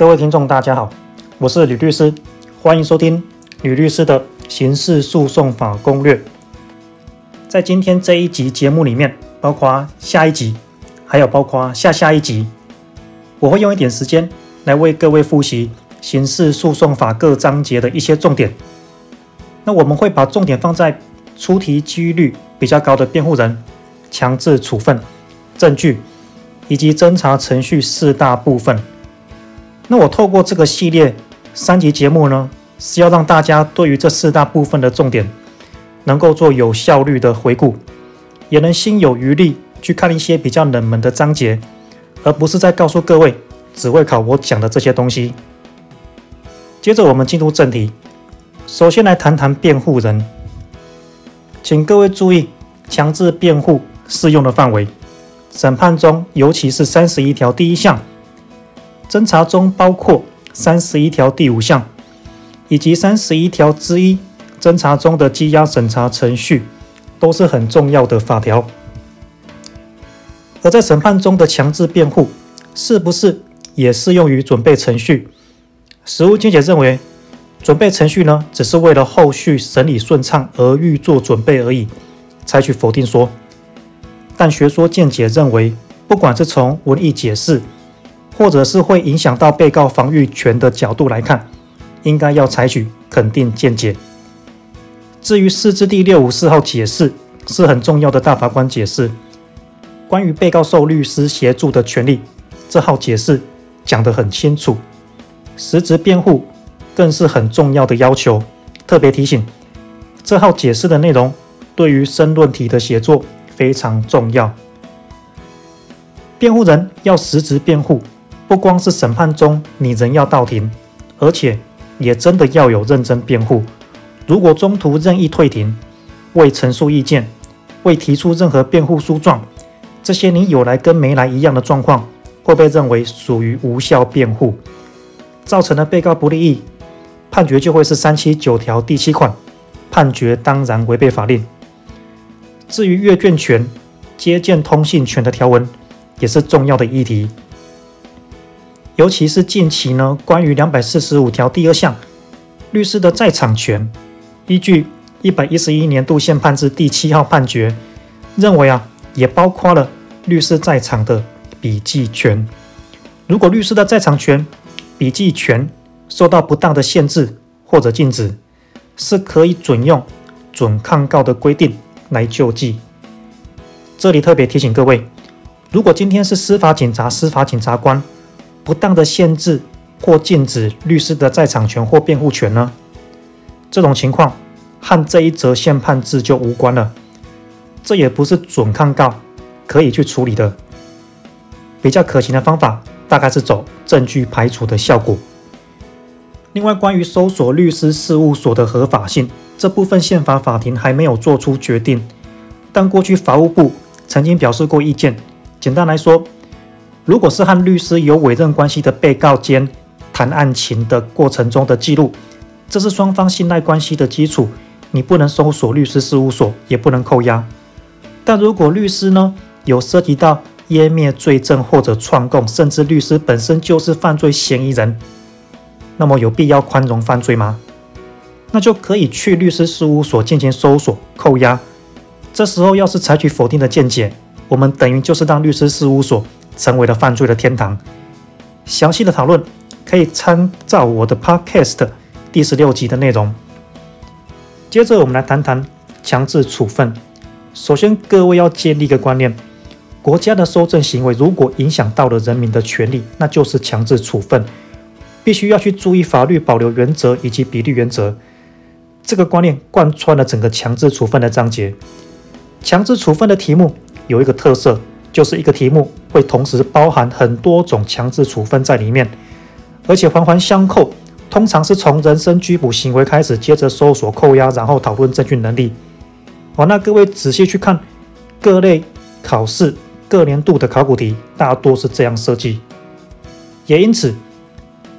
各位聽眾，大家好，我是呂律師，歡迎收聽呂律師的《刑事訴訟法攻略》。在今天這一集節目裡面，包括下一集，還有包括下下一集，我會用一點時間來為各位複習刑事訴訟法各章節的一些重點。那我們會把重點放在出題幾率比較高的辯護人、強制處分、證據以及偵查程序四大部分。那我透過這個系列三集節目呢，是要讓大家對於這四大部分的重點能夠做有效率的回顧，也能心有餘力去看一些比較冷門的章節，而不是在告訴各位只會考我講的這些東西。接着我們進入正題，首先來談談辯護人，請各位注意強制辯護適用的範圍，審判中尤其是三十一條第一項。偵查中包括三十一條第五項，以及三十一條之一，偵查中的羈押審查程序都是很重要的法條。而在審判中的強制辯護，是不是也適用於準備程序？實務見解認為，準備程序呢，只是為了後續審理順暢而預做準備而已，採取否定說。但學說見解認為，不管是從文義解釋，或者是會影響到被告防禦權的角度來看，應該要採取肯定見解。至於釋字第六五四號解釋是很重要的大法官解釋，關於被告受律師協助的權利，這號解釋講得很清楚。實質辯護更是很重要的要求。特別提醒，這號解釋的內容對於申論題的寫作非常重要。辯護人要實質辯護。不光是審判中你人要到庭，而且也真的要有認真辯護。如果中途任意退庭，未陳述意見，未提出任何辯護書狀，這些你有來跟沒來一樣的狀況，會被認為屬於無效辯護，造成了被告不利益，判決就會是三七九條第七款，判決當然違背法令。至於閱卷權、接見通信權的條文，也是重要的議題。尤其是近期呢，關於兩百四十五條第二項律師的在場權，依據一百一十一年度憲判字第七號判決，認為啊，也包括了律師在場的筆記權。如果律師的在場權、筆記權受到不當的限制或者禁止，是可以準用准抗告的規定來救濟。這裡特別提醒各位，如果今天是司法警察、司法警察官。不當的限制或禁止律師的在場權或辯護權呢，這種情況和這一則憲判字，就無關了，這也不是準抗告可以去處理的。比較可行的方法大概是走證據排除的效果。另外，關於搜索律師事務所的合法性這部分，憲法法庭還沒有做出決定，但過去法務部曾經表示過意見。簡單來說，如果是和律師有委任關係的被告間談案情的過程中的記錄，這是雙方信賴關係的基礎，你不能搜索律師事務所，也不能扣押。但如果律師呢，有涉及到湮滅罪證或者串供，甚至律師本身就是犯罪嫌疑人，那麼有必要寬容犯罪嗎？那就可以去律師事務所進行搜索扣押。這時候要是採取否定的見解，我們等於就是讓律師事務所。成為了犯罪的天堂。詳細的討論可以參照我的 Podcast 第十六集的內容。接着，我們來談談強制處分。首先，各位要建立一個觀念：國家的搜證行為如果影響到了人民的權利，那就是強制處分，必須要去注意法律保留原則以及比例原則。這個觀念貫穿了整個強制處分的章節。強制處分的題目有一個特色。就是一個題目會同時包含很多種強制處分在裡面，而且環環相扣，通常是從人身拘捕行為開始，接着搜索扣押，然後討論證據能力。好、哦，那各位仔細去看各類考試各年度的考古題，大多是這樣設計。也因此，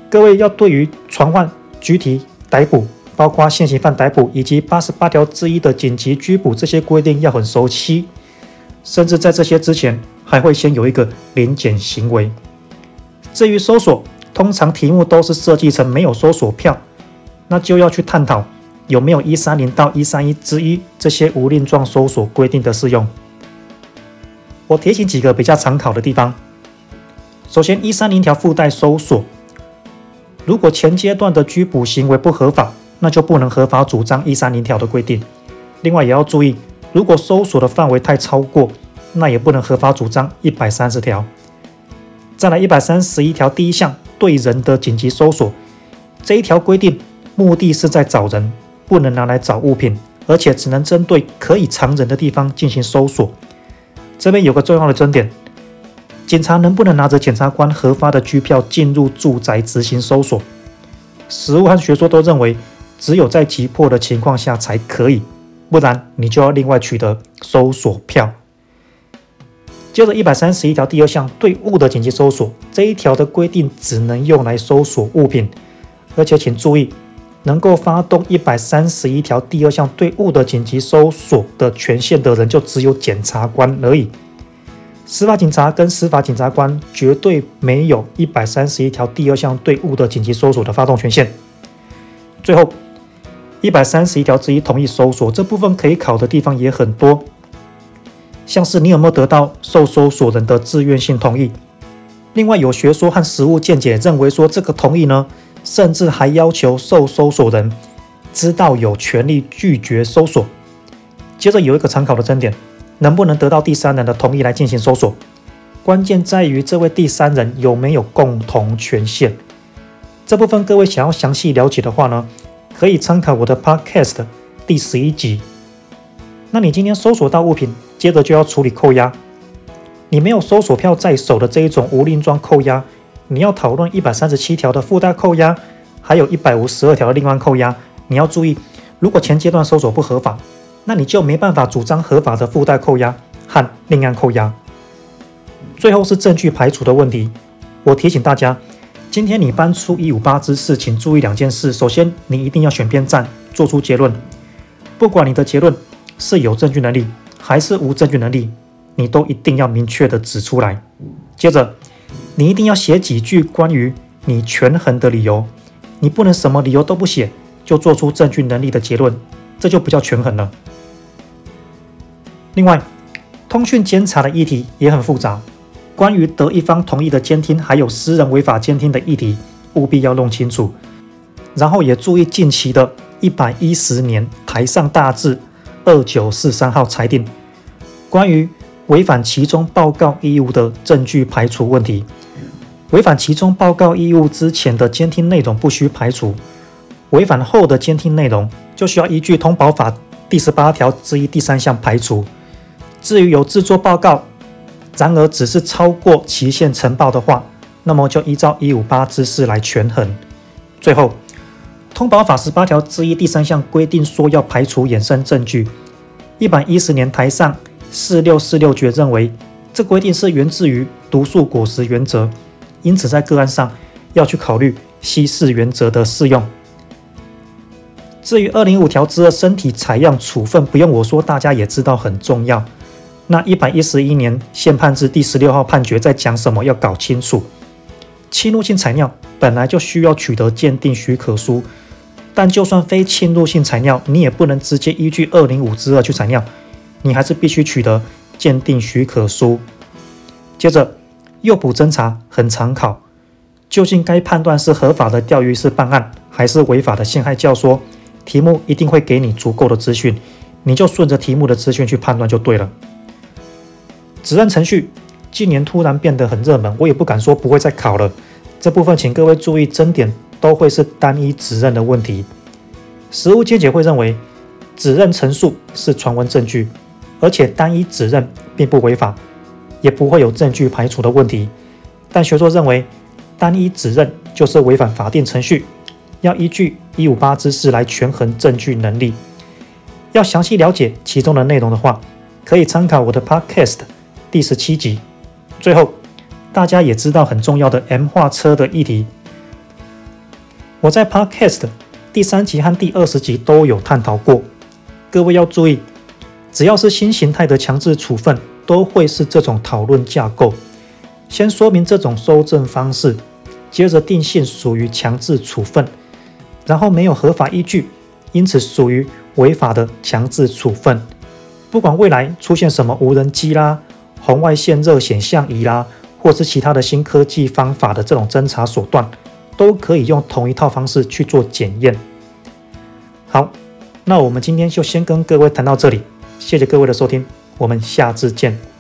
各位要對於傳喚、拘提、逮捕，包括現行犯逮捕以及八十八條之一的緊急拘捕這些規定要很熟悉。甚至在這些之前，還會先有一個臨檢行為。至於搜索，通常題目都是設計成沒有搜索票，那就要去探討有沒有一三零到一三一之一這些無令狀搜索規定的適用。我提醒幾個比較常考的地方：首先，一三零條附帶搜索，如果前階段的拘捕行為不合法，那就不能合法主張一三零條的規定。另外，也要注意。如果搜索的範圍太超過，那也不能合法主張一百三十條。再來一百三十一條第一項對人的緊急搜索這一條規定，目的是在找人，不能拿來找物品，而且只能針對可以藏人的地方進行搜索。這邊有個重要的爭點：警察能不能拿着檢察官核發的拘票進入住宅執行搜索？實務和學說都認為，只有在急迫的情況下才可以。不然你就要另外取得搜索票。接着，一百三十一條第二項對物的緊急搜索這一條的規定，只能用來搜索物品，而且請注意，能夠發動一百三十一條第二項對物的緊急搜索的權限的人，就只有檢察官而已。司法警察跟司法警察官絕對沒有一百三十一條第二項對物的緊急搜索的發動權限。最後，一百三十一條之一同意搜索這部分可以考的地方也很多，像是你有沒有得到受搜索人的自願性同意？另外有學說和實務見解認為說這個同意呢，甚至還要求受搜索人知道有權利拒絕搜索。接着有一個參考的爭點，能不能得到第三人的同意來進行搜索？關鍵在於這位第三人有沒有共同權限。這部分各位想要詳細了解的話呢，可以參考我的 podcast 第十一集。那你今天搜索到物品，接着就要處理扣押。你沒有搜索票在手的這一種無令狀扣押，你要討論一百三十七條的附帶扣押，還有一百五十二條的另案扣押。你要注意，如果前階段搜索不合法，那你就沒辦法主張合法的附帶扣押和另案扣押。最後是證據排除的問題，我提醒大家。今天你搬出一五八之四，請注意兩件事：首先，你一定要選邊站，做出結論。不管你的結論是有證據能力還是無證據能力，你都一定要明確地指出來。接着，你一定要寫幾句關於你權衡的理由，你不能什麼理由都不寫就做出證據能力的結論，這就不叫權衡了。另外，通訊監察的議題也很複雜。關於得一方同意的監聽，還有私人違法監聽的議題，務必要弄清楚。然後也注意近期的一百一十年台上大字二九四三號裁定，關於違反其中報告義務的證據排除問題。違反其中報告義務之前的監聽內容不需排除，違反後的監聽內容就需要依據通保法第十八條之一第三項排除。至於有製作報告，然而，只是超過期限陳報的話，那麼就依照一五八之四來權衡。最後，通保法十八條之一第三項規定說要排除衍生證據。一百一十年台上四六四六決認為，這規定是源自於毒樹果實原則，因此在個案上要去考慮稀釋原則的適用。至於二零五條之二，身體採樣處分，不用我說，大家也知道很重要。那一百一十一年，憲判字第十六號判決在講什麼？要搞清楚。侵入性採尿本來就需要取得鑑定許可書，但就算非侵入性採尿，你也不能直接依據二零五之二去採尿，你還是必須取得鑑定許可書。接着，誘捕偵查很常考，究竟該判斷是合法的釣魚式辦案，還是違法的陷害教唆？題目一定會給你足夠的資訊，你就順着題目的資訊去判斷就對了。指認程序近年突然變得很熱門，我也不敢說不會再考了。這部分請各位注意，爭點都會是單一指認的問題。實務見解會認為，指認陳述是傳聞證據，而且單一指認並不違法，也不會有證據排除的問題。但學說認為，單一指認就是違反法定程序，要依據一五八之四來權衡證據能力。要詳細了解其中的內容的話，可以參考我的 Podcast。第十七集，最後，大家也知道很重要的 M 化車的議題，我在 Podcast 第三集和第二十集都有探討過。各位要注意，只要是新型態的強制處分，都會是這種討論架構：先說明這種蒐證方式，接着定性屬於強制處分，然後沒有合法依據，因此屬於違法的強制處分。不管未來出現什麼無人機啦、啊。紅外線熱顯像儀啦、啊，或是其他的新科技方法的這種偵查手段，都可以用同一套方式去做檢驗。好，那我們今天就先跟各位談到這裡，謝謝各位的收聽，我們下次見。